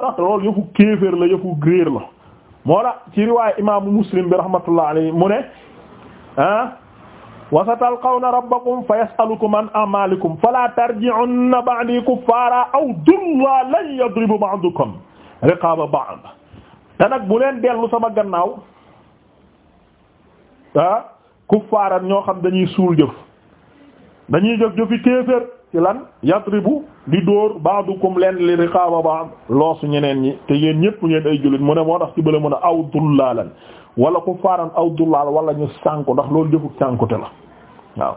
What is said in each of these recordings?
ndax ah loolu yëfu kéeféer la yëfu gréer la moo la ci riwaaya imaamu muslim bi rahmatullah alayhi mu ne ah wa satalqawna rabbakum fa yasalukum an amalikum fala tarji'unna ba'di kuffara aw dullalan yadribu ba'dukum riqaba ba'd te nag bu dellu sama gannaaw ah kuffaaran ñoo xam dañuy suul jëf dañuy jëf jëfi ci lan yatribu di dóor ba'dukum leen li riqaaba ba'd loosu ñeneen ñi te yéen ñëpp ngeen ay jullit mu ne moo tax ci bële mën a aw dullaalan wala ku faaran aw dullaal wala ñu sànku ndax loolu jëfuk sànkute la waaw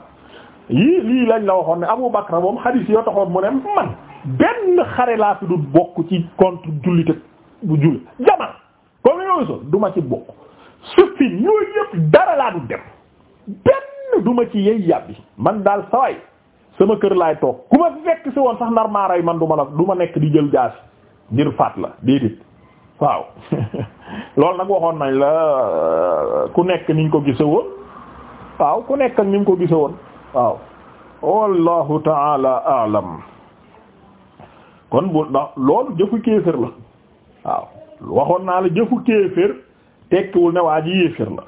yii lii lañ la waxoon ne Abu Bakra moom xadiis yoo taxoon mu ne man benn xare laa fi du bokk ci contre jullite bu jullit jaman comme yooyu so duma ci bokk su fi ñooy yëpp dara laa du dem benn duma ci yey yàbbi man daal saway sama kër laay toog ku ma fekk si woon sax nar maa man du ma la du ma nekk di jël jaasi ngir faat la déedéet waaw loolu nag waxoon nañ la euh, ku nekk niñ ko gise waaw ku nekk ak niñ ko gise woon waaw wallahu taala alam kon bu ndax loolu jëfu kéefër la waaw waxoon naa la jëfu kéefër tekkiwul ne waa ji yéefër la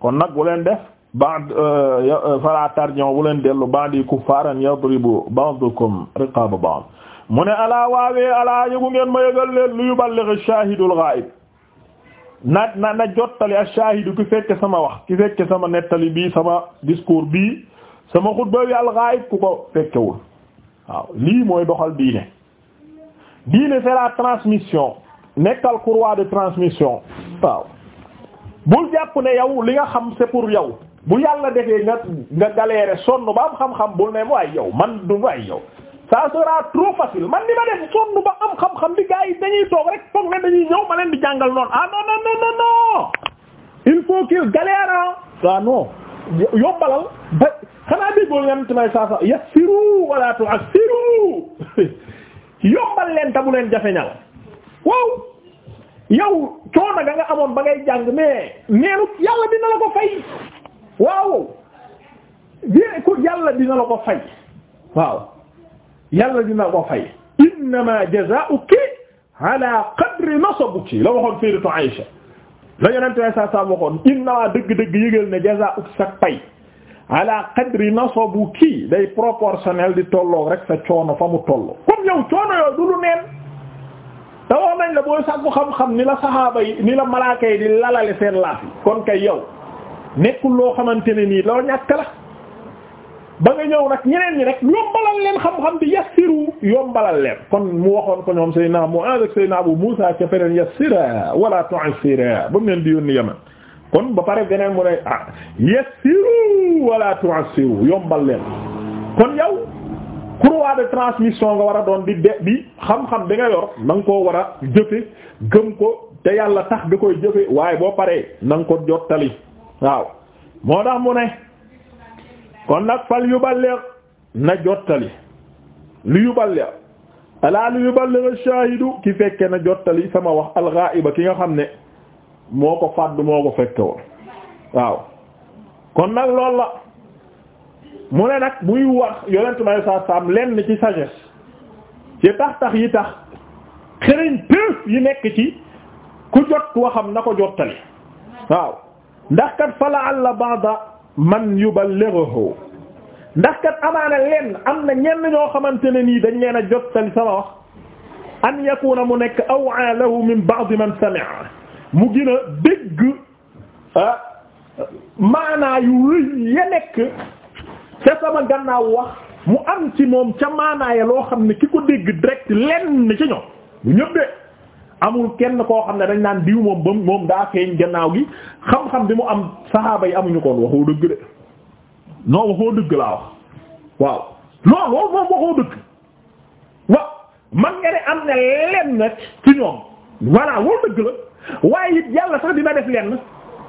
kon nag bu leen def ba'd euh, euh, fala tarji'u bu leen dellu ba'di kuffaaran yadribu ba'dukum riqaaba ba'd mu ne alaa waawee alaa yëgu ngeen ma yëgal leen lu yuballigh shaahidul ghaa'ib na na na jottali ash-shaahidu ki fekke sama wax ki fekke sama nettali bii sama discours bii sama xutba al-ghaa'ib ku ko fekkewul waaw lii mooy doxal diine diine c'est la transmission nekkal courroie de transmission waaw bul jàpp ne yow li nga xam c'est pour yow bu yàlla defee nga nga galérer sonn ba am xam-xam bul ne waaye yow man du waaye yow ça sera trop facile man ni ma def sonn ba am xam-xam bi yi dañuy toog rek foog ne dañuy ñëw ma leen di jàngal noonu ah non non non non il faut qu'il galère ah non yombalal ba xanaa déggoo ngeen ci may saa saa yassiru wala tu'assiru yombal leen te bu leen jafeñal waaw yow coono ga nga amoon ba ngay jàng mais neenu yàlla dina la ko fay. waaw bien ku yàlla dina la ko fay waaw yàlla dina la ko fay innama jazaa'uki ala qadri nasabuki la waxoon sayyidatu Aïsha la yonente way saa saam waxoon innama dëgg-dëgg yëgal ne jazaa'uki sa pay ala qadri nasabuki day proportionnel di tolloog rek coono fa mu toll comme yow coono yoo du neen te wax la booy sàkku xam-xam ni la saxaaba ni la malaaka yi di lalale seen laaf kon kay yow nekkul loo xamante ne nii loo ñàkk la ba nga ñëw nag ñeneen ñi rek yombalal leen xam-xam bi yassiru yombalal leen kon mu waxoon ko ñoom Seydina Mu'aaz ak Seydina Abu naa ca feneen yassira wala tu'assira ba leen di yónni Yaman kon ba pare beneen mu ne ah yassiru wala tu'assiru yombal leen kon yow courroie de transmission nga war a doon di de bi xam-xam bi nga yor na nga koo war a jëfe gëm ko te yàlla tax di koy jëfe waaye boo paree nanga ko jottali waaw moo tax mu ne kon nag fal yuballigh na jottali lu yuballigh alaa lu yuballigh ash-shaahidu ki fekke na jottali sama wax al-ghaa'iba ki nga xam ne moo ko fàddu moo ko fekke woon waaw kon nag loolu la mu ne nag muy wax yonent may saa saam lenn ci sagesse ci tax tax yi tax xëriñ pëf yi nekk ci ku jot waxam na ko jottali waaw ndax kat fa la'alla ba'da man yuballighuhu ndax kat amaana lenn am na ñenn ñoo xamante ne nii dañ leen a jottali sama wax an yakuna mu nekk aw'a lahu min ba'd man sami'a mu gën a dégg ah, yu rëy ya nekk ca sama gannaaw wax mu am ci moom ca maanaaya loo xam ne ki ko dégg direct lenn ci ñoom bu ñëpp de amul kenn koo xam ne dañ naan diw moom ba moom daa feeñ gannaaw gi xam-xam bi mu am saxaaba yi amuñu koon waxoo dëgg de non waxoo dëgg laa waaw non waxoo dëgg wa man nga ne am na lenn nag ci ñoom voilà loolu dëgg la waaye it yàlla sax dina def lenn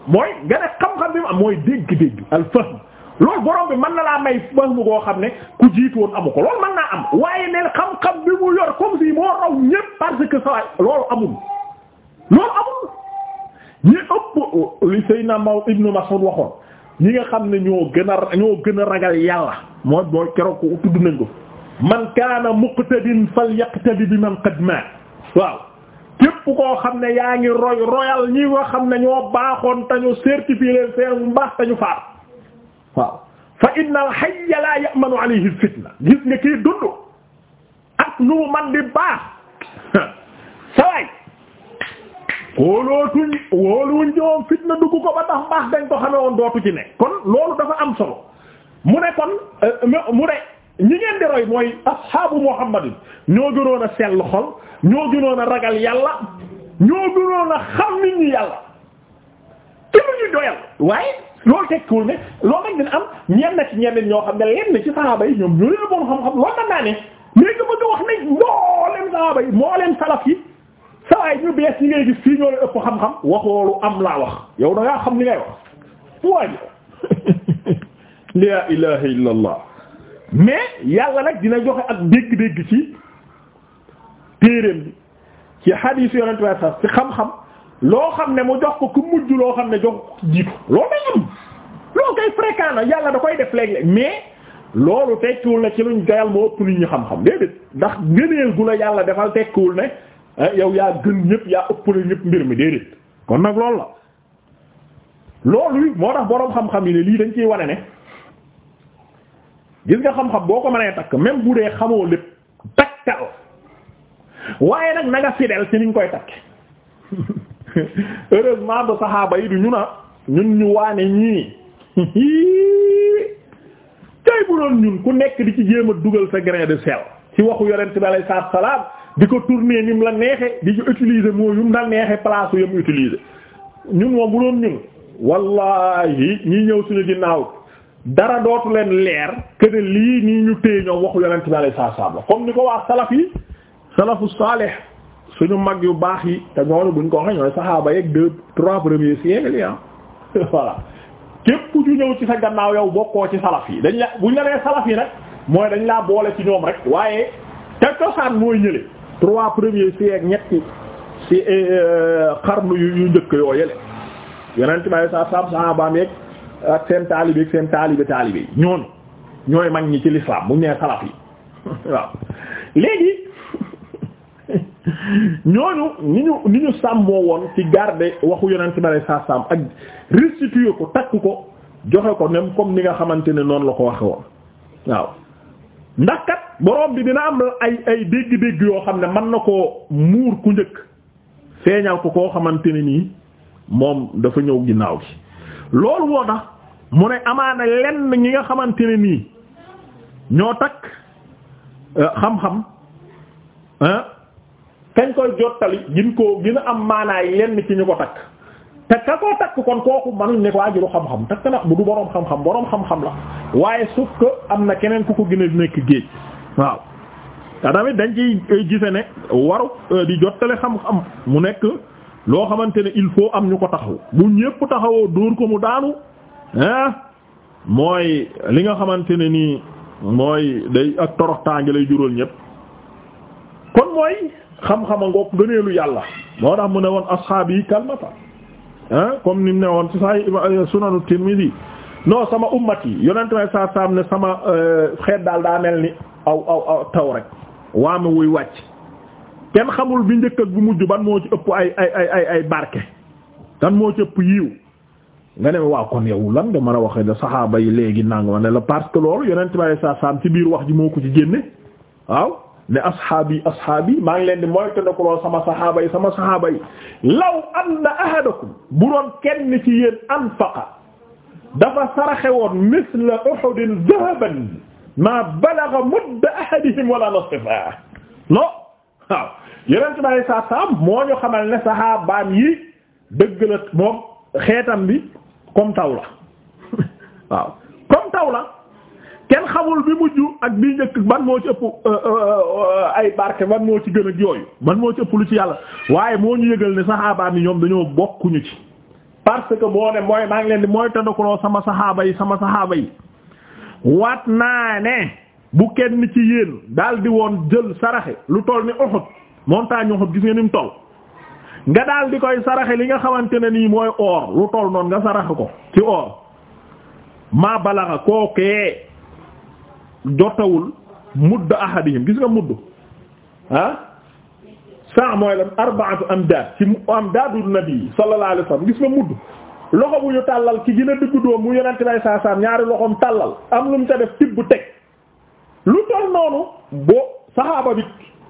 mooy nga ne xam-xam bi mu am mooy dégg-dégg al loolu borom bi man na laa may fahmu koo xam ne ku jiitoon amu ko loolu man naa am waaye ne xam-xam bi mu yor comme si moo raw ñépp parce que ça loolu amul loolu amul ñi ëpp li Seydina Maw Ibnu Mas'ud waxoon ñi nga xam ne ñoo gën a gën a ragal yàlla moo mooy keroog ko tudd nañ ko man kaana muqtadin falyaqtadi bi man qad mat waaw képp koo xam ne yaa ngi roy royal ñi nga xam ne ñoo baaxoon tañu ñu certifié leen seen mbaax faat waaw fa inna al hayya la ya'manu alayhi fitna gis nga kii dund ak nu man di baax saway wóolootuñ wóoluwuñ ci moom fitna dugg ko ba tax baax dañ ko xame woon dootu ci ne kon loolu dafa am solo mu ne kon euh, mu ne ñi ngeen di mooy ashaabu muhammadin ñoo gënoon a sell xol ñoo gënoon a ragal yàlla ñoo gënoon a xam nit ñi yàlla te lu ñu doyal waaye loolu tekkiwul ne loolu nag dina am ñenn ci ñenn ñoo xam ne lenn ci saxaaba yi ñoom ñoo leen bon xam-xam loolu mën naa ne léegi bëgg wax ne mbooleem saxaaba yi mbooleem salaf yi sawaay ñu bees yi ngay gis fii ñoo leen ëpp xam-xam waxoo am laa wax yow da ngaa xam li ngay wax waaye laa ilaha illa mais yàlla nag dina joxe ak dégg-dégg ci téereem bi bi ci xam-xam loo xam ne mu jox ko ku mujj loo xam ne jox jiitu loolu day am loolu koy fréquent yàlla da koy def léeg mais loolu tekkiwul ne ci luñ gayal moo ëpp nit ñi xam-xam déedéet ndax gëneel gu la yàlla defal tekkiwul ne eh, yow yaa gën ñëpp yaa ëpp la ñëpp mbir mi déedéet kon nag loolu la loolu moo tax boroom xam-xam yi ne lii dañ ciy wane ne gis nga xam-xam boo ko mënee takk même bu dee xamoo lépp takkal waaye nag na nga fidèle ci niñ koy takk heureusement ba saxaaba yi du ñu na ñun ñu waane ñii tey bu doon ñun ku nekk di ci jéem a dugal sa grain de sel ci waxu yonent bi alayhi salaatu salaam di ko tourner ni la neexe di ko utiliser moo yum dal neexe place yam utiliser ñun moom bu doon ñun wallahi ñi ñëw suñu ginnaaw dara dootu leen leer que lii nii ñu téye ñoom waxu yonent bi alayhi la comme ni ko wax salaf yi salafu salih suñu mag yu baax yi te ñoonu buñ ko waxee ñooy saxaaba yeeg deux trois premiers siècles yi ah voilà képp ju ñëw ci sa gannaaw yow bokkoo ci salaf yi dañ la buñ la nee salaf yi nag mooy dañ laa boole ci ñoom rek waaye te cosaan mooy ñële trois premiers siècles ñetti si eh, euh, xarnu yu njëkk yoo yële yeneen ci may sa sam saxaabaam yeeg ak seen taalibe ak seen taalibe taalibe yi ñooy mag ñi ci l'islam buñ nee salaf yi waaw léegi ñooñu ni ñu ni ñu sàmmoo woon ci garder waxu yonent bi alayhi salaatu salaam ak restituer ko takk ko joxe ko nem comme ni nga xamante ne noonu la ko waxe woon waaw ndax kat borom bi dina am ay ay dégg-dégg yoo xam ne man na ko muur ku njëkk feeñal ko koo xamante ne nii moom dafa ñëw ginnaaw gi loolu moo tax mu ne amaana lenn ñi nga xamante ne nii ñoo takk euh, xam-xam kañ koy jottali gin koo gën a am maanaay lenn ci ñu ko takk te ka koo takk kon kooku manuñ ne ko ajiru xam-xam takk na bu du boroom xam-xam boroom xam-xam la waaye sauf que am na keneen ku ko gën a nekk géej waaw te tamit dañ ciy gise ne waru euh, di jottale xam-xam mu nekk loo xamante ne il faut am ñu ko taxaw bu ñépp taxawoo dóor ko mu daanu ah mooy li nga xamante ne nii mooy day ak toroxtaange lay juróol ñépp kon mooy xam-xama ngoog gëneelu yàlla moo tax mu ne woon asxaab yi kalmata ah comme ni mu ne woon ci say euh, sunanu Tirmidhi non sama ummat yi yonente may saa saam ne sama euh, xeet daal daa mel ni aw aw aw taw rek waame wuy wàcc kenn xamul bi njëkk ak bu mujj ban moo ci ëpp ay ay ay ay ay barke kan moo ci ëpp yiiw nga ne waaw kon yow lan nga man a waxee ne saxaaba yi léegi nangu ma ne la parce que loolu yonente may saa saam ci biir wax ji moo ko ci génne waaw ne ashaabi ashaabi maa ngi leen di moytandikuloo sama saxaaba yi sama saxaaba yi law anna ahadakum bu doon kenn ci yéen anfaqa dafa saraxe woon misla uhudin dhahaban maa balagha mudda ahadihim wala nasifa no waaw yeneen bari saa saam moo ñu xamal ne saxaabaam yi dëgg la moom xeetam bi comme taw waaw comme taw kenn xamul bi mujj ak bi njëkk ban moo ci ëpp euh, euh, euh, ay barke ban moo ci gën ak yooyu ban moo ci ëpp lu ci yàlla waaye moo ñu yëgal ne saxaabaam yi ñoom dañoo bokkuñu ci parce que boo ne mooy maa leen di mooy tëndakuloo sama saxaaba yi sama saxaaba yi waat naa ne bu kenn ci yéen daal di woon jël saraxe lu toll ni Uhud montagne Uhud gis nga ni mu toll nga dal di koy saraxe li nga xamante ne nii mooy or lu toll noonu nga saraxe ko ci or maa kookee jotawul mudd ahadihim gis nga mudd ah saa mooy lan arba'atu amdaad ci amdaadu nabi sallallahu alayhi wasallam gis nga mudd loxo bu ñu tàllal ki gën a diggu doom mu yonente bay saa saam ñaari loxoom tàllal am lu mu ca def tibb teg lu toll noonu boo saxaaba bi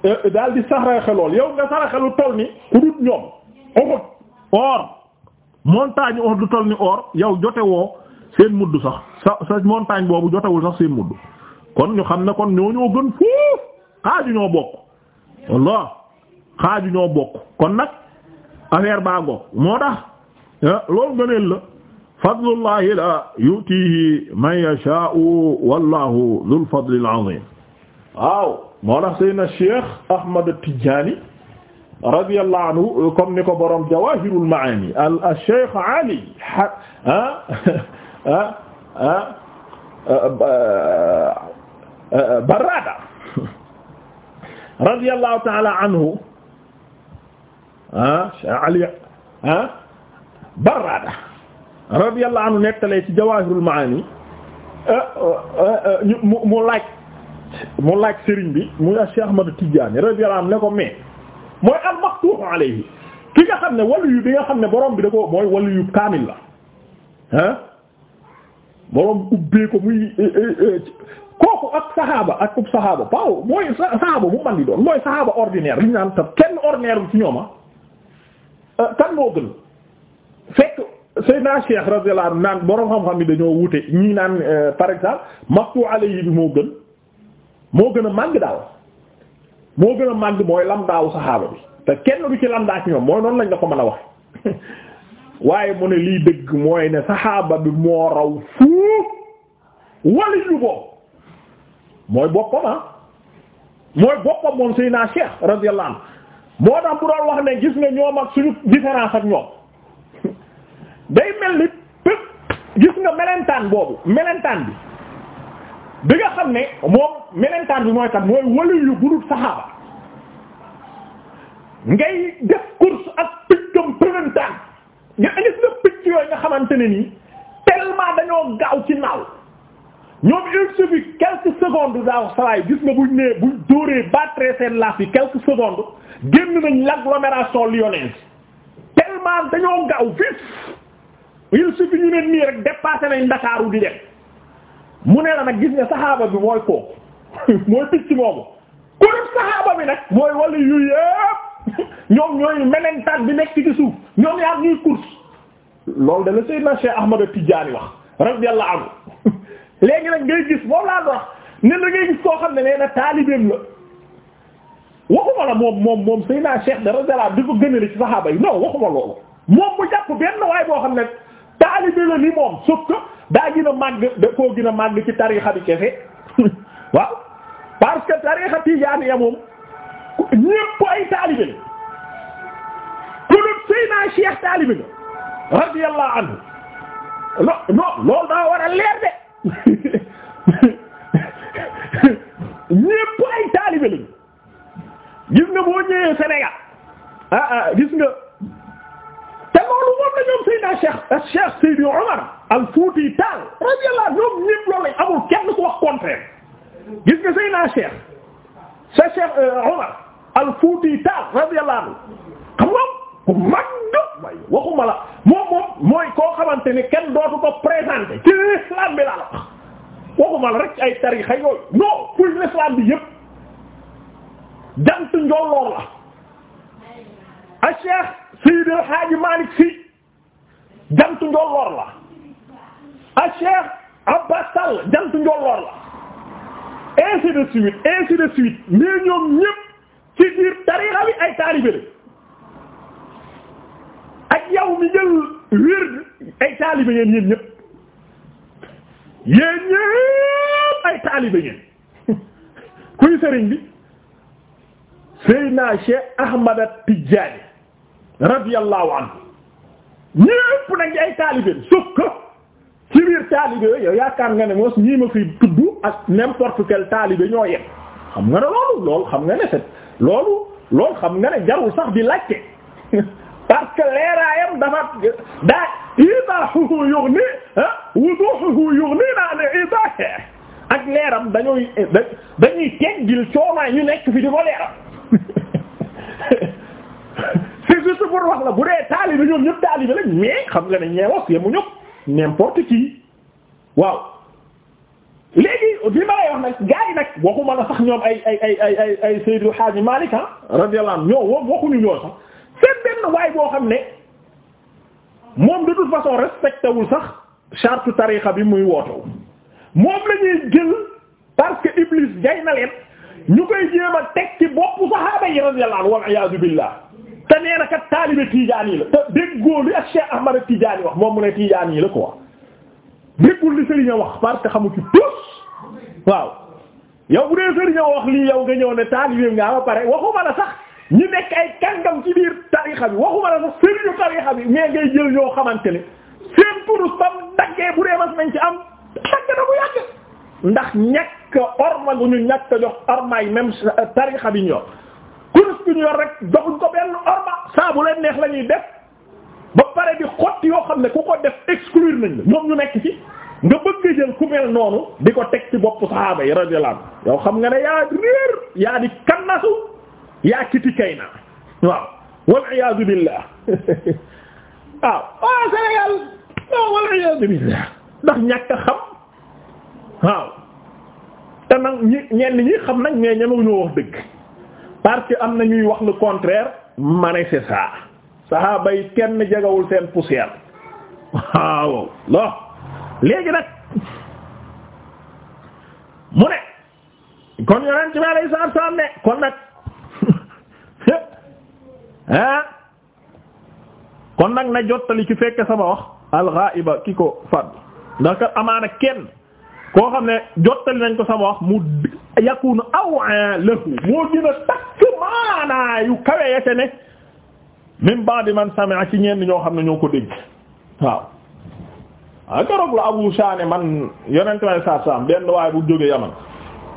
eh, daal di saraxe lool yow nga saraxe lu toll ni ku dut ñoom oxut or montagne or du ni or yow jote woo seen mudd sax sa sa boobu jotewul sax seen mudd kon ñu xam ne kon ñoo ñoo gën foofu xaaju ñoo bokk wallah xaaju ñoo bokk kon nag affaire baa ngoog moo tax eh, loolu gëneel la fadlullahi la yutihi man yasha'u wallahu dhul fadlil azim waaw moo tax seyna Cheikh Ahmad Tidjani radiyallahu anhu comme ni ko borom jawahirul maani al Cheikh Ali ah ah ah Barrada radiyallahu ta'ala anhu ah Ali ah Barrada radiyallahu anhu nettalee ci Jawahirul Maani eh, eh, eh, mu mu laaj mu laaj sëriñ bi muy Cheikh Ahmad Tidiane radiyallahu anhu ne ko mais mooy al-maqtuu'u ki nga xam ne wàllu bi nga xam ne borom bi da ko mooy wàllu yu ah borom ubbee ko muy kooku ak saxaaba ak ub saxaaba waaw mooy saxaaba bu man di doon mooy saxaaba ordinaire li ñu naan tam kenn ordinaire bi ci ñoom ah euh, kan moo gën fekk Seydina Cheikh radiyallahu anhu naan borom xam-xam yi dañoo wute ñii naan euh, par exemple maftu yi bi moo gën moo gën a màgg daal moo gën a màgg mooy lamdaawu saxaaba bi te kenn du ci lamdaa ci ñoom mooy noonu lañ la ko mën a wax waaye mu ne lii dëgg mooy ne saxaaba bi moo raw fuuf wali ñu ko mooy boppam ah mooy boppam moom Seydina Cheikh radiyallahu anhu moo tax bu doon wax ne gis nga ñoom ak suñu différence ak ñoom day mel ni pëp gis nga melentaan boobu melentaan bi bi nga xam ne moom melentaan bi mooy kat mooy wëlu yu budul saxaaba ngay def course ak piccam përëntaan nga gis nga picc yooyu nga xamante ne nii tellement dañoo gaaw ci naaw ñoom il suffit quelques secondes daaw salaay gis na buñ nee buñ dóoree battre seen laaf yi quelques secondes génn nañ l'agglomération lyonnaise tellement dañoo gaaw vite il suffit ñu ne nii rek dépassé nañ Ndakaaru di dem mu ne la nag gis nga saxaaba bi mooy kooku mooy picc moomu ku def bi nag mooy wala yu yépp ñoom ñooy melentaan bi nekk ci suuf ñoom yaa ñuy course loolu dala Seydina Cheikh Ahmad Tidiane wax radiyallahu anhu léegi nag ngay gis moom laa wax ne la gis koo xam ne leena taalibeem la waxuma la moom moom moom Seydina Cheikh da radiyallahu di ko gënale waxuma loolu moom bu jàpp benn waaye boo xam ne taalibe la ni moom sauf que daa gën a màgg da koo gën a ci tariixa bi kese waaw parce que tariixa tijaaniya moom ñépp ay taalibe la ku dul Seydina Cheikh taalibe la radiyallahu anhu loolu daa war a leer de ñépp ay taalibe lañ gis nga boo ñëwee Sénégal ah, ah, gis nga te loolu moom la ñoom Seydina Cheikh ah, Cheikh Seydi Omar al Fouti Tall radiyallahu ñoom ñépp loolu lañ amul kenn ku wax contraire gis nga Seydina Cheikh sa Cheikh euh, Omar al Fouti Tall radiyallahu xam nga ku mag way waxuma la moom moom mooy koo xamante ni kenn dootu ko présenté ci l'islam bi la waxuma la rek ay tarixa yooyu non pour l'islam bi yëpp jant njolloor la a cheikh Seydi El Hadji Malick Sy jant njolloor la a cheikh Abbas Sall jant njolloor la ainsi suite ainsi suite mais ñoom ñëpp ci biir tarixa bi ay taalibe yaw mi jël wird ay taalibe ngeen yéen ñëpp yéen ñëpp ay taalibe ngeen kuy sëriñ bi Seydina Cheikh Ahmad At-Tidjânî radiyallahu anhu ñëpp nag ay taalibe sauf ci biir taalibe yow yaakaar nga ne moos ñii ma fi tudd ak n'importe quel taalibe ñoo yem xam nga ne loolu loolu xam nga ne set loolu loolu xam nga ne jarul sax di laajte parce que leeraayam dafa daa idahuhu yughni wuduhuhu yughni an idahi ak leeram dañuy dañuy teggil coonaay ñu nekk fi di ko leeram c'est juste pour wax la bu dee taalibe ñoom ñëpp taalibe lañ mais xam nga ne ñeewas yemu ñëpp n'importe qui waaw léegi li ma lay wax nag gars yi nag waxuma la sax ñoom ay ay ay ay ay ay Seydou Hadji Malick ah radiyallahu anhu ñoo waxuñu ñoo sax même benn waay boo xam ne moom de toute façon respecté wul sax charte tariqa bi muy wootewu moom la ñuy jël parce que Iblis jay na leen ñu koy jéem a teg ci boppu saxaaba yi radiyallahu anhu wal iyaadu billah te nee na kat taalibe Tijaani la te déggoo li ak Cheikh Ahmad Tijaani wax moom mu ne Tijaani yi la quoi déggul li Serigne wax parce que xamu ci tous waaw yow bu dee Serigne wax lii yow nga ñëw ne taalibe nga ba pare waxuma la sax. ñu nekk ay kàngam ci biir tarixa bi waxuma la sax sëriñu tarixa bi mais ngay jël ñoo xamante ne seen purus bam daggee bu dee nañ ci am dagg na bu yàgg ndax ñàkk orma gu ñu ñàkk jox ormaay même euh, tarixa bi ñu yor purus bi ñu yor rek joxuñ ko benn orma saa leen neex lañuy ñuy def ba pare di xotti yoo xam ne ku ko def exclure nañ la ñoom ñu nekk ci nga bëgg jël ku mel noonu di ko teg ci bopp sahaaba yi radiyallahu yow xam nga ne yaa réer di kannasu yaa kiti kay na waaw wal iyaadu billah waaw waaw Sénégal waaw wal iyaadu billah ndax ñàkk a xam waaw te nag ñi ñenn ñi xam nag mais ñemewuñu wax dëgg parce que am na ñuy wax le contraire ma ne c'est kenn jegawul seen poussière waaw lo léegi nag mu ne kon yonent bi alayhi salaam ne kon nag ah kon nag na jottali ci fekke sama wax alxaiba ki ko fadd ndax kat amaana kenn koo xam ne jottali nañ ko sama wax mu yakunu awa lahu moo dina takk maanaa yu kawe ya ne min ba'di man sami'a ci ñenn ñoo xam ne ñoo ko dégg waaw a ah, garog la Abu Shane man yonent may saab saab benn waaye bu jóge Yaman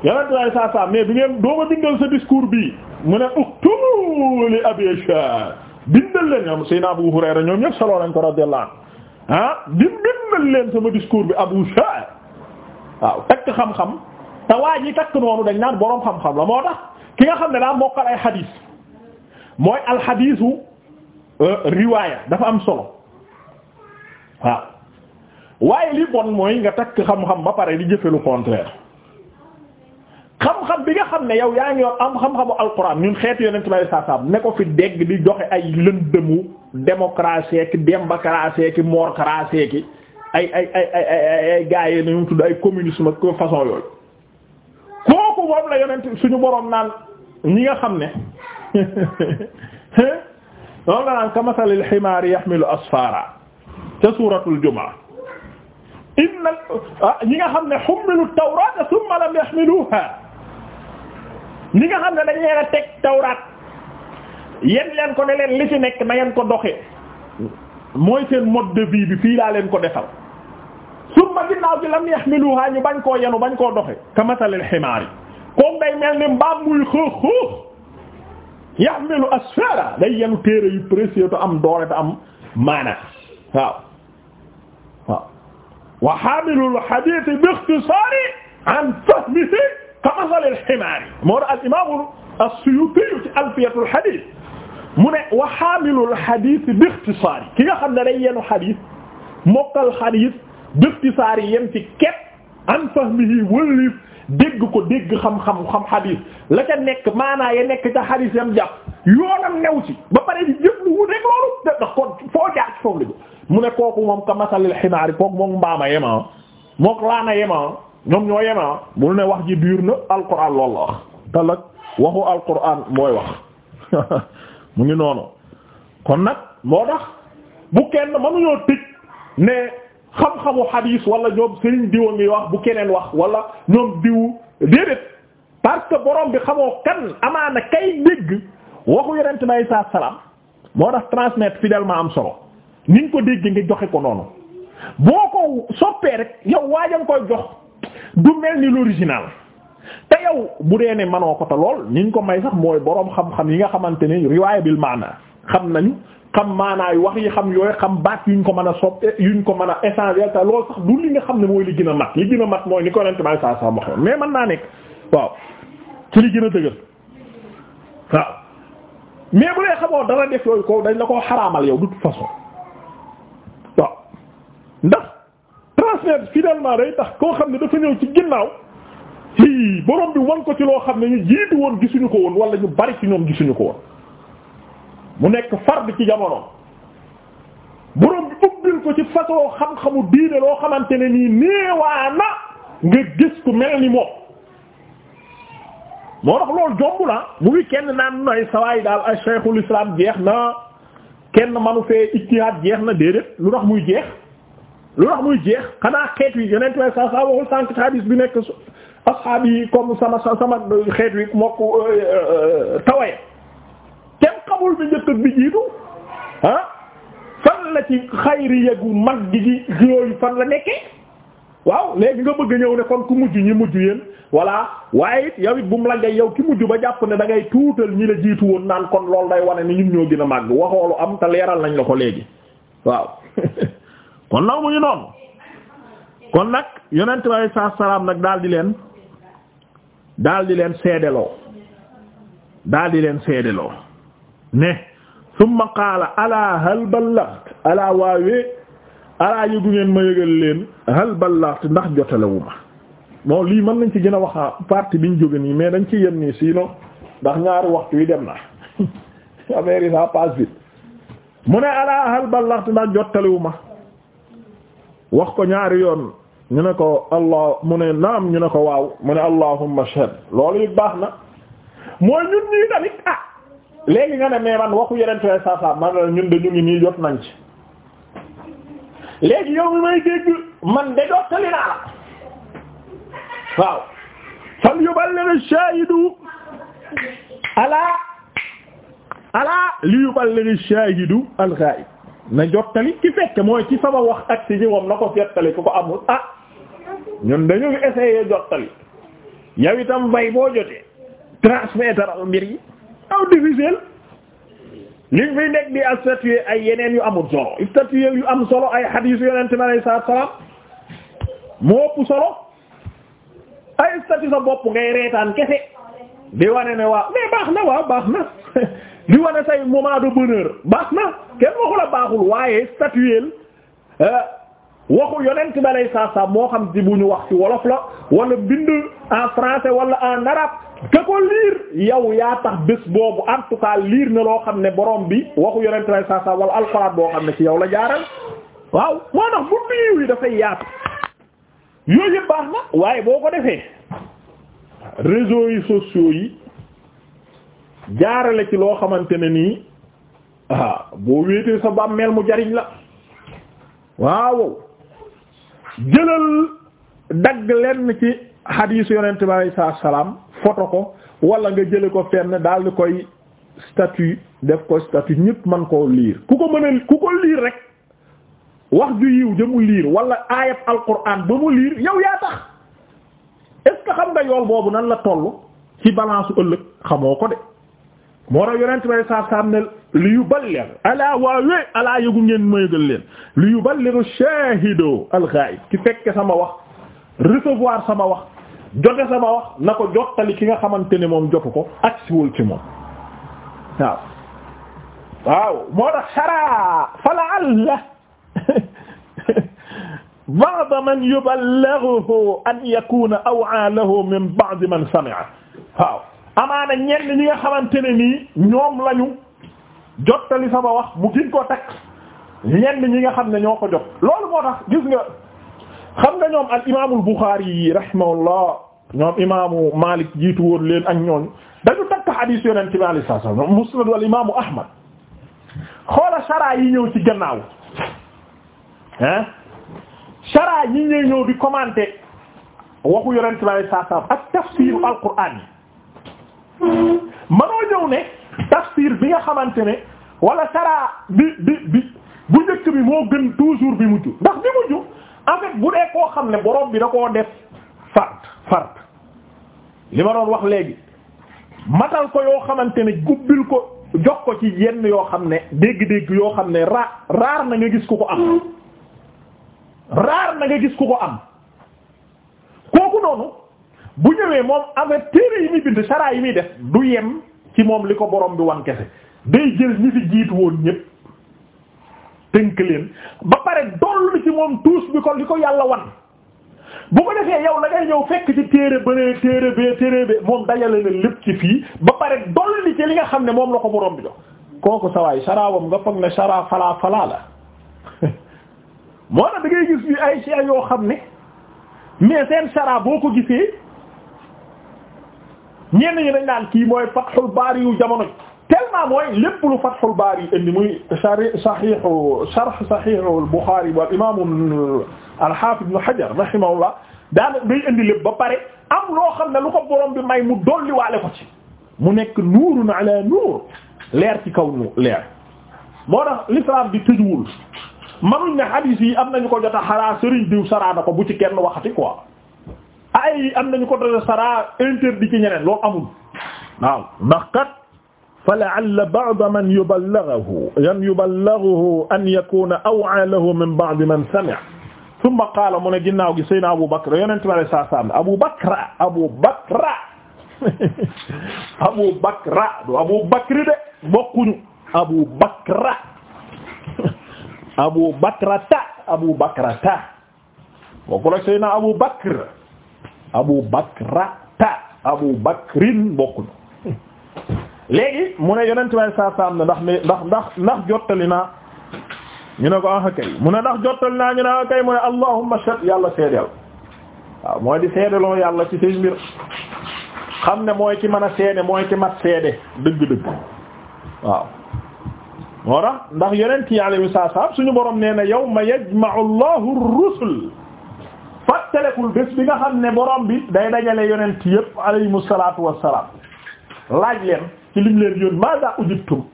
yonente way saa saa mais bi ngeen doo ma bindal sa discours bii mu ne uktubu li Abi Shar bindal leen ñoom Seydina Abu Hurayra ñoom ñëpp soloo nañ ko radiyallahu ah di bindal leen sama discours bi Abu Shar waaw takk xam-xam te waa ji takk noonu dañ naan boroom xam-xam la moo tax ki nga xam ne daa mokkal ay xadiis mooy alxadiisu euh, riwaaya dafa am solo waaw waaye li bon mooy nga takk xam-xam ba pare di jëfe lu contraire xam bi nga xam ne yow yaa ngi yor am xam-xamu alquran ñun xeetu yonent bi saa saa ne ko fi dégg di joxe ay lëndëmu démocratie ki démocratie ki morcratie ki ay ay ay ay ay gaa yi ñu tudd ay communisme ak façon yooyu kooku moom la yonent suñu boroom naan ñi nga xam ne loolu la naan kamasalil ximaari yaxmilu asfara ca suuratul jumaa inna ah, ñi nga xam ne xummilu tawraata summa lam yaxmiluha ñi nga xam ne dañ leen a teg tawraat yen leen ko ne leen li ci nekk na ngeen ko doxe mooy seen mode de vie bi fii laa leen ko defal summa ginnaaw bi lam yahmiluha ñu bañ koo yenu bañ koo doxe ka masalil ximaar yi comme day mel ni mbaam muy xóox xóox yahmilu asfara day yenu téere yu précieux te am doole te am maana waaw waaw wa hamilul hadith bi ikhtisari an fahmihi kamasalil ximaar yi moo al imaamul as-Suyuuti ci alfiyatul xadiis mu ne wa xaamilul xadiis bi ixtisaar ki nga xam ne day yenu xadiis mokkal xadiis bi ixtisaar yi yem ci képp an fahmihi wëlliif dégg ko dégg xam-xam xam xadiis la ca nekk maanaa ya nekk ca xadiis yam jàpp yoonam new ci ba pare di jëf lu wut rek loolu da ndax kon foo jaar ci foofu la mu ne kooku moom kamasalil ximaar yi kooku moom mbaama yema mook laana yema ñoom ñoo yemaa ah. bul ne wax ji biir na alquran loolu la wax te nag waxu alquran mooy wax mu ngi noonu kon nag moo tax bu kenn mënuñoo tëj ne xam-xamu xadiis walla ñoom sëriñ diwa ngi wax bu keneen wax wala ñoom diw déedéet parce que borom bi xamoo kan amaana kay dégg waxu yonent bi saa salaam moo tax transmettre fidèlement am solo ni ko dégg nga joxe ko noonu boo ko soppee rek yow waajal koy jox. du mel ni l'original te yow bu dee ne manoo ko te lool niñ ko may sax mooy boroom xam-xam yi nga xamante ne riwaaya bil maana xam nañu xam maanaay wax yi xam yooyu xam baat yu yuñ ko mën a sopp yuñ ko mën a essentiel te sax du li nga xam ne mooy li gën a mat li gën a mat mooy ni ko yonent may saa saa ma mais mën naa nekk waaw ci li gën a dëgër waaw mais bu dee xamoo dara def yooyu ko dañ la ko xaraamal yow de toute façon waaw ndax transmettre finalement day tax koo xam ne dafa ñëw ci ginnaaw hi borom bi wan ko ci loo xam ne ñu jiitu woon gisuñu ko woon wala ñu bari ci ñoom gisuñu ko woon mu nekk fard ci jamono borom bi ubbil ko ci façon xam-xamu diine loo xamante ne nii néewaana nga gis ku mel ni moom moo tax loolu jomb la ah, mu ngi kenn naan nay sawaay daal ay cheikhul islam jeex na kenn manu fee ijtihaad jeex na déedéet lu tax muy jeex lu tax muy jeex xanaa xeet wi yeneen tubaab saa saa waxul sànq hadis bi nekk asxaab yi comme sama sama xeet wi mokk euh, euh, tawaye kenn xamul bi njëkk bi jiitu ah fan la ci xayri yegu mag gi yooyu fan la nekkee waaw léegi nga bëgg a ñëw ne kon ku mujj ñi mujj yéen voilà waaye it yow bu mu la ngay yow ki mujj ba jàpp ne da ngay tuutal ñi la jiitu woon naan kon loolu day wane ni ñun ñoo gën a màgg waxoolu am te leeral nañ la ko léegi waaw. kon nag mu ngi noonu kon nag yonent bi alayhi salaatu salaam nag daal di leen daal di leen seedeloo daal di leen seedeloo ne summa qaala alaa hal ballaxt alaa waawee alaa yëgu ngeen ma yëgal leen hal ballaxt ndax jotalewu ma lii mën nañ ci gën a wax waxaa bi ñu jóge nii mais dañ ci yem nii sinon ndax ñaari waxtu yi dem na affaire yi ça mu ne alaa hal ballaxt ndax jotalewu ma wax ko ñaari yoon ñu ne ko allah mu ne naam ñu ne ko waaw mu ne allahumma shahad loolu it baax na mooy ñun ñii tamit ah, léegi nga ne mais man waxu yenentwee sa sa man la ñun de ñu ngi nii jot nañ ci léegi yow mi may dégg man de jottali naa la waaw fal yuballigh ash-shahidu ala ala li yuballigh ash-shahidu al na jottali ki fekk mooy ci sama wax ak ci ñëwam na ko jottali ku ko amul ah ñun dañu ngi essayer jottali yow itam bay boo jotee transmettre al mbir yi aw difficile liñ fiy nekk di statuer ay yeneen yu amul solo statuer yu am solo ay hadith yonent bi alayhi salaam moo ëpp solo ay statuer sa bopp ngay reetaan kese di wane ne waa mais baax na waaw baax na di wane say moment de bonheur baax na kenn waxu baaxul waaye statuel euh, waxu yonent ba lay saa moo xam ci bu ñu wax ci wolof la wala bind en français wala en arabe ka ko liir yow yaa tax bés boobu en tout cas liir na loo xam ne borom bi waxu yonent ba lay saa saa wala alxuraan boo xam ne ci yow la jaaral waaw moo tax buntu yiw yi dafay yaatu yooyu yëpp baax na waaye boo ko defee réseaux yi sociaux yi. jaarale ci loo xamante ne nii ah boo wéetee sa bàmmeel mu jariñ la waaw jëlal dagg lenn ci xadiisu yonent bi alayhi salaam foto ko wala nga jële ko fenn daal di koy statut def ko statut ñëpp man koo liir ku ko mën a ku ko liir rek wax ju yiw ja mu liir wala aayat alquran ba mu liir yow yaa tax est xam nga yool boobu nan la toll ci balance ëllëg xamoo ko de moo tax yonent bay saa saam ne li yuballigh alaa waawee alaa yëgu ngeen ma yëgal leen li yuballigh shaahidu al-ghaa'ib ki fekke sama wax recevoir sama wax jote sama wax na ko jottali ki nga xamante ne moom jotu ko agsiwul ci moom waaw waaw moo tax xaraa fala'alla ba'da man aw'aa lahu min ba'di man sami'a waaw amaana ñenn ñi nga xamante ne nii ñoom lañu jottali sama wax mu gin ko takk ñenn ñi nga xam ne ñoo ko jot loolu moo tax gis nga xam nga ñoom al imaamul Buxaari yi rahimahullah ñoom imaamu Maalik jiitu woon leen ak ñooñu dañu takk hadiis Yonent bi sallallahu alayhi wa sallam musnad al imaamu Ahmad xoola saraa yi ñëw ci gannaaw ah saraa yi ñëw ñëw di commenter waxu Yonent bi sallallahu alayhi ak tafsiiru al-Qur'aan yi manoo ñëw ne tafsir bi nga xamante ne wala saraa bi bi bi bu njëkk bi moo gën toujours bi mujj ndax bi mujj en bu dee koo xam ne borom bi da koo def fard fard li ma doon wax léegi matal ko yoo xamante ne gubbil ko jox ko ci yenn yoo xam ne dégg-dégg yoo xam ne ra raar na nga gis ku ko am raar na nga gis ku ko am kooku noonu bu ñëwee moom avec téere yi muy bind saraa yi muy def du yem ci moom li ko borom bi wan kese day jël ñi fi jiit woon ñépp tënk leen ba pare dollu ci moom tuus bi ko li ko yàlla wan bu ko defee yow la ngay ñëw fekk ci téere bëree téere bee téere bee moom dajale na lépp ci fii ba pare dolli ci li nga xam ne moom la ko borom bi jox kooku sawaay saraawam nga foog ne saraa falaa falaa la moo tax da gis bi ay ci yoo xam ne mais seen boo ko gisee ñenn yi dañ naan kii mooy Fathul Baari yu jamono tellement mooy lépp lu Fathul Baari indi muy sharh Sahih al-Bukhari wal imaam al-Hafiz Ibn Hajar rahimahullah daanaka day indi lépp ba pare am loo xam ne lu ko borom bi may mu dolliwaale ko ci mu nekk nuurun ala nuur leer ci kaw nu leer moo tax l'islam bi tëjuwul manuñ ne hadith yi am nañu ko jot a xalaat sëriñ diw saraana ko bu ci kenn waxati quoi. ay am nañu ko doon sara interdit ci ñeneen loolu amul waaw ndax kat fa la'alla ba'd man yuballighuhu yan yuballighuhu an yakuna aw'a lahu min ba'd man sami'a thumma qaala mu ne ginnaaw gi Seydina Abu Bakr yonent bi saa saa ne Abu Bakr Abu Bakr Abu Bakr du Abu Bakr de bokkuñu Abu Bakr Abu Bakr ta Abu Bakr ta bokku la Seydina Abu Bakr abu bakra ta abu bakrin bokkuñu léegi mu ne yonent may saa saam ne ndax ndax ndax ndax jottali naa ñu ne ko ah kay mu ne ndax jottali naa ñu ne ah kay mu ne allahumma shad yàlla seedeel waaw mooy di seedeloo yàlla ci say mbir xam ne mooy ci mën a seede mooy ci mat seede dëgg-dëgg waaw moo tax ndax yonent yi alayhi salaam suñu borom nee na yawma yajma'u allahu rusul fàttalekul bés bi nga xam ne borom bi day dajale yonent yépp alayhimu salaatu wassalaam laaj leen ci lim leen yoon maada ujibtum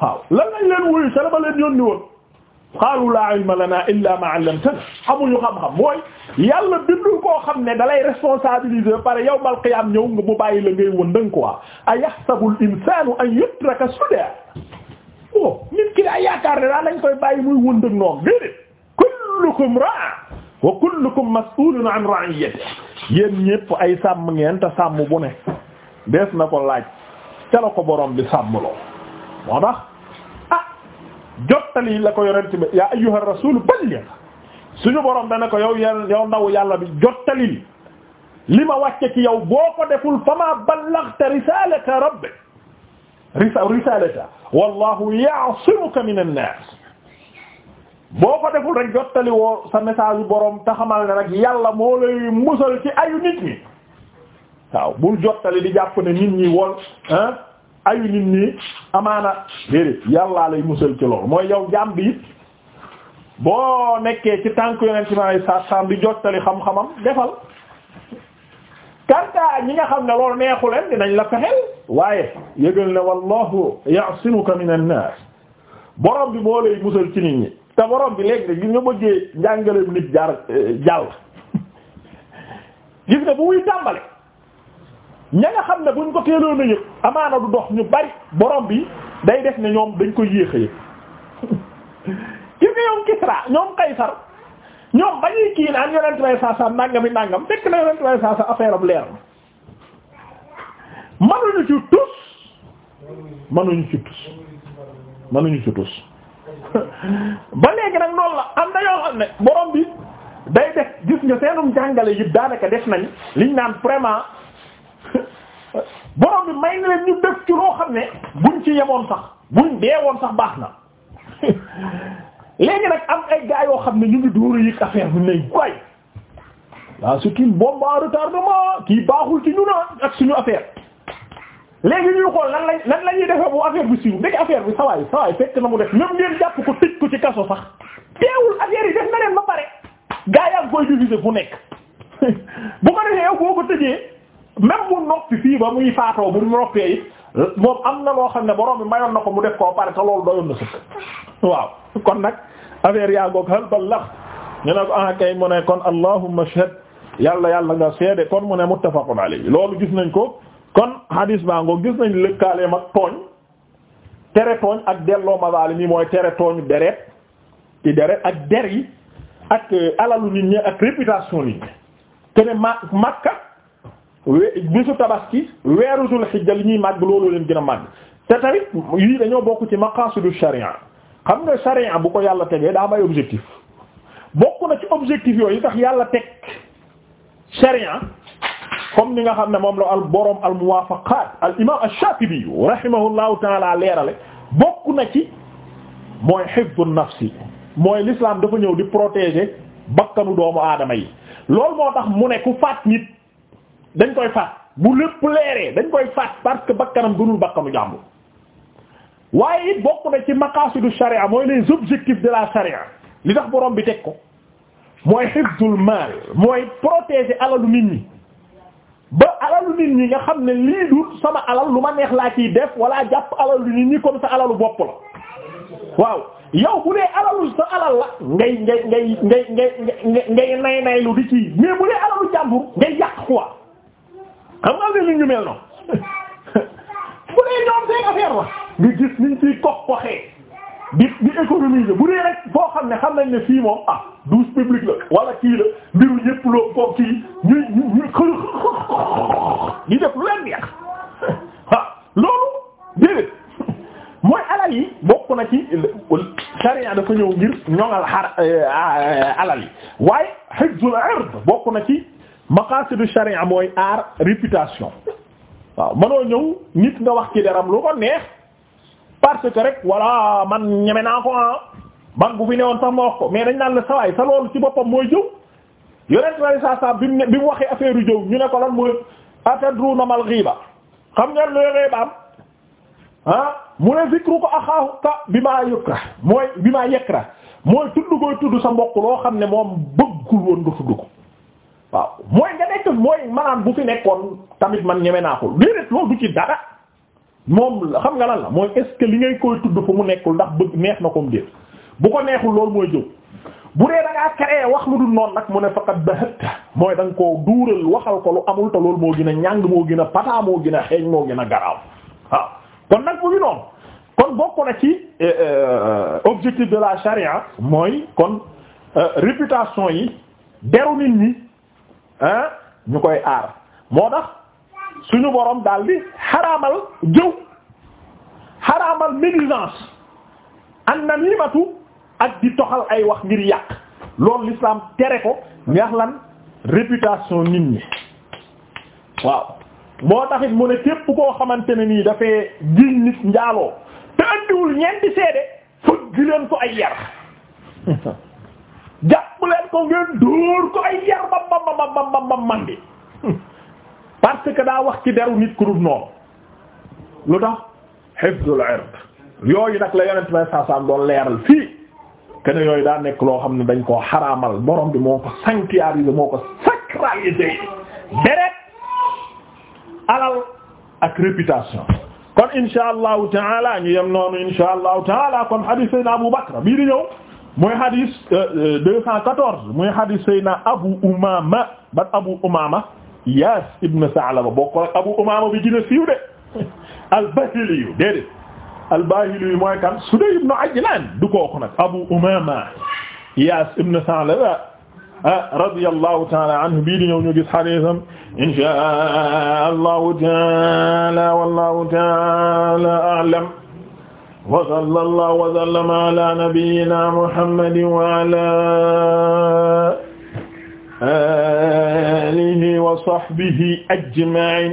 waaw lan lañ leen wuyu sa dama leen yónni woon qaalu laa ilma lanaa illaa maa allamtanaa amuñu xam-xam mooy yàlla bindul koo xam ne dalay responsabiliser pare yawmal qiyaam ñëw nga mu bàyyi la ngay wëndën quoi a yaxsabu al insaanu an yutraka sudaa oh nit ki daa yaakaar ne daa lañ koy bàyyi muy wëndën noonu déedéet kullukum raa wa kullukum mas'ulun an ra'iyyatihi yéen ñépp ay sàmm ngeen te sàmm bu ne dees na ko laaj ca la ko borom bi sàmmloo moo tax ah jottali la ko yonent bi yaa ayyuha rasul balligh suñu borom dana ko yow yow ndaw yàlla bi jottali li ma wàcce ci yow boo ko deful fama ballaghta risalata rabbik risalata wallahu ya'simuka minan nas boo ko deful rek jottali woo sa message borom te xamal ne yàlla moo lay musal ci ayu nit ñi waaw bul jottali di jàpp ne nit ñi wol ayu nit ñi amaana déedéet yàllaa lay musal ci loolu mooy yow jaam bi boo nekkee ci tànk yoneen ci maay sa sam di jottali xam-xamam defal kanta ñi nga xam ne loolu neexu leen dinañ la fexel waaye yëgal ne wallahu ya'simuka minan nas borom bi moo lay musal ci nit ñi te borom bi léegi nag gis nga bëggee njàngaleem nit jaar eh, jàll gis nga bu muy tàmbale ña nga xam ne buñ ko teeloon a yëg amaana du dox ñu bari borom bi day def ne ñoom dañ koy yéex a yëg gis nga ñoom Kisra ñoom Kaysar ñoom bañuy kii naan yonent way saa saa nangami nangam fekk na yonent way saa saa affaire leer na manuñu ci tus manuñu ci tus manuñu ci tus ba léegi nag loolu la am na yoo xam ne borom bi day def gis nga seenum jàngale yëpp daanaka def nañ liñ naan vraiment borom bi may na leen ñu def ci loo xam ne buñ ci yemoon sax buñ deewoon sax baax na léegi nag am ay gaa yoo xam ne ñu ngi dóor yëg affaire bi nay goy waaw c'est une bombe à retardement kii baaxul ci ñu na ak suñu affaire léegi ñuy xool lan lañ lan la ñuy defee bu affaire bi siiw ndekk affaire bi sawaay sawaay fekk na mu def même ngeen jàpp ko tëj ko ci kaso sax teewul affaire yi def na leen ba pare gaa yaa koy diviser fu nekk bu ko defee yow ko tëjee même mu ba faatoo bu mu noppee moom am na loo xam ne borom bi mayoon na ko mu def ko pare te loolu doyoon na sëkk waaw kon nag affaire yaa ngoog hal ballax ñu ne ko ah kay mu ne kon allahumma shahid yàlla yàlla nga seede kon mu ne muttafaqun alayhi loolu gis nañ ko kon hadis baa ngoo gis nañ lëkkaaleem ak tooñ tere tooñ ak delloo mazalim yi mooy tere tooñu deret ci deret ak der yi ak euh, alalu nit ñi ak réputation nit ñi te ma makka bisu tabaski weeru sul xijja li ñuy màgg loolu leen gën a màgg te tamit yii dañoo bokk ci maqasidu sharia xam nga sharia bu ko yàlla tegee daa may objectif bokk na ci objectif yooyu tax yàlla teg sharia comme ni nga xam ne moom la al borom al muwaafaqaat al imaam ash-Shaatibi rahimahullahu taala leerale bokk na ci mooy hifdun nafsi mooy l'islam dafa ñëw di protéger bakkanu doomu aadama yi loolu moo tax mu ne ku faat nit dañ koy faat bu lépp leeree dañ koy faat parce que bakkanam gënul bakkanu jàmbur waaye it bokk na ci maqaasidu sharia mooy les objectifs de la sharia li tax borom bi teg ko mooy hifdul maal mooy protéger alalu nit ñi. ba alalu nit ñi nga xam ne lii du sama alal lu ma neex laa ciy def wala jàpp alalu nit ñi comme sa alalu bopp la waaw yow bu dee alalu sa alal la ngay ngay ngay ngay ngay ngay nay nay lu di ci mais bu dee alalu jàmbur ngay yàq quoi xam nga am na ñu mel noonu bu dee ñoom seen affaire la nga gis niñ ciy kox koxee di di économiser bu dee rek foo xam ne xam nañ ne fii moom ah. douche publique la wala kii la mbiru ñëpp loo koog kii ñuy loolu déedéet mooy alal yi bokk na ci sariya dafa ñëw ngir ñoŋal xar eh, alal yi waaye hifzul ard bokk na ci maqasidu sariya mooy aar réputation waaw mënoo ñëw nit nga wax ci deram lu ko neex parce que rek wala man ñeme naa ko ah. man bu fi newoon sax ko mais dañ naan la sawaay sa loolu ci boppam jëw yonent bi bi mu waxee affaire yu jëw ñu ne ko lan mooy atadruna mal ghiba xam ngeen looy ghibaam ah mu ko axaaka bi maa yukra mooy bi maa yekra mooy tudd koy tudd sa mbokk loo xam ne moom bëggul woon nga ko waaw mooy nga nekk mooy maanaam bu nekkoon tamit man ñeme naa ko déedéet loolu du ci dara moom xam nga lan la mooy est li ngay koy tudd fu mu nekkul ndax bëgg neex na comme déet bu ko neexul loolu mooy jëw bu dee da ngaa créé wax lu dul noonu nag mu ne faqat bahatta mooy da koo duural waxal ko lu amul te moo gën a ñàng moo gën a pataa moo gën a xeeñ moo gën a garaaw waaw kon nag bu ñu noonu kon bokk na ci eh, eh, objectif de la charia mooy kon eh, réputation yi deru nit ñi ah ñu koy aar moo tax suñu borom daal di xaraamal jëw xaraamal médisance an namimatu ak di toxal ay wax ngir yàq loolu l'islam tere ko ñax lan réputation nit ñi waaw moo taxit mu ne képp koo xamante ne nii dafee jiñ njaaloo te andiwul ñeenti seede fëgg leen ko ay yar jàpp leen ko ngeen dóor ko ay yar bam bam bam bam mandi parce que daa wax ci deru nit ku dul noonu lu tax hifzul ird yooyu nag la yonent bay saasaam doon leeral fii kene yooyu daa nekk loo xam ne dañ koo xaraamal borom bi moo ko sanctuarisé moo ko sacralisé deret alal ak réputation kon insha allahu taala ñu yem noonu insha allahu taala kon hadith sayna Abu Bakr bii di ñëw mooy hadith euh, euh, deux cent quatorze mooy hadith sayna Abu Umama ban Abu Umama Yaas ibn Sa'laba bokk ak Abu Umama bi gën a siiw de al-Bahili yu déedéet al-Bahili mooy kan Sudayy ibn Ajlan du kooku nag Abu Umama Iyas ibn Sa'laba ah, radiyallahu ta'ala anhu bii di ñëw ñu gis hadiisam inshaa Allahu ta'ala wallahu ta'ala a'lam wa sallallahu wa sallama ala nabiyyina Muhammadin wa ala alihi wa sahbihi ajma'in